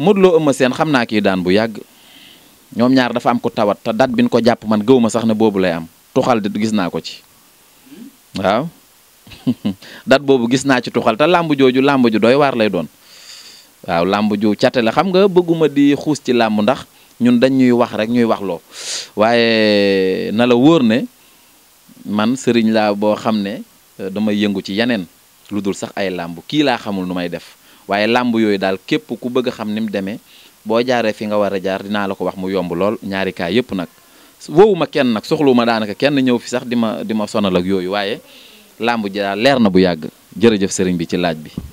Modou am a seen xam naa kii daan bu yàgg ñoom ñaar dafa am ko tawat te date bi ñu ko jàpp man gëwuma sax ne boobu lay am tuxal di gis naa ko ci waaw date boobu gis naa ci tuxal te làmb jooju làmb ju dooy waar lay doon waaw làmb ju cate la xam nga bëgguma di xuus ci làmb ndax ñun dañ ñuy wax rek ñuy wax loo waaye na la wóor ne man sëriñ la boo xam ne damay yëngu ci yeneen lu dul sax ay làmb kii laa xamul nu may def waaye làmb yooyu daal képp ku bëgg a xam ni mu demee boo jaaree fi nga war a jaar dinaa la ko wax mu yomb lool ñaari kaay yëpp nag wowuma kenn nag soxlu ma daanaka kenn ñëw fi sax di ma di ma sonal ak yooyu waaye làmb ji daal leer na bu yàgg jërëjëf sëriñ bi ci laaj bi